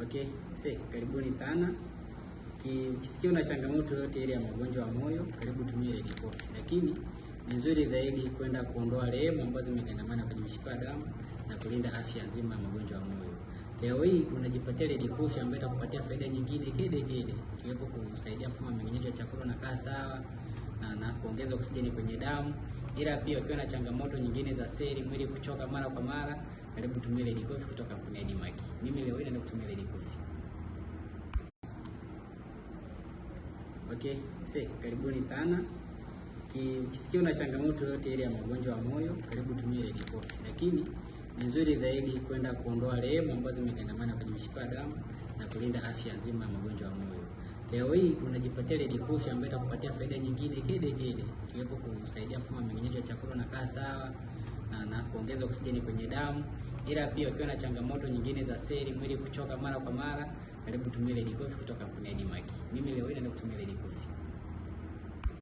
Okay, see, karibuni sana. Ukisikia una changamoto yoyote ile ya magonjwa ya moyo, karibu tumie Red Coffee, lakini ni nzuri zaidi kwenda kuondoa rehemu ambazo zimegandamana kwenye mishipa ya damu na kulinda afya nzima ya magonjwa ya moyo. Leo hii unajipatia Red Coffee ambayo itakupatia faida nyingine kede kede, ikiwepo kusaidia mfumo wa mmeng'enyo wa chakula na kaa sawa na na kuongeza oksijeni kwenye damu, ila pia ukiwa na changamoto nyingine za seli, mwili kuchoka mara kwa mara, karibu tumie Red Coffee kutoka kampuni ya Dimac. Mimi leo hii kutumia Red Coffee. Okay, see, karibuni sana. Ukisikia una changamoto yoyote ile ya magonjwa ya moyo, karibu tumia Red Coffee, lakini nzuri zaidi kwenda kuondoa rehemu ambazo zimegandamana kwenye mishipa damu na kulinda afya nzima ya magonjwa ya moyo. Leo hii unajipatia Red Coffee ambayo itakupatia faida nyingine kede kede, ikiwepo kusaidia mfumo wa mmeng'enyo wa chakula unakaa sawa na, na kuongeza oksijeni kwenye damu, ila pia ukiwa na changamoto nyingine za seli, mwili kuchoka mara kwa mara, karibu tumie Red kutoka kampuni ya Mimi leo hii naenda kutumia Red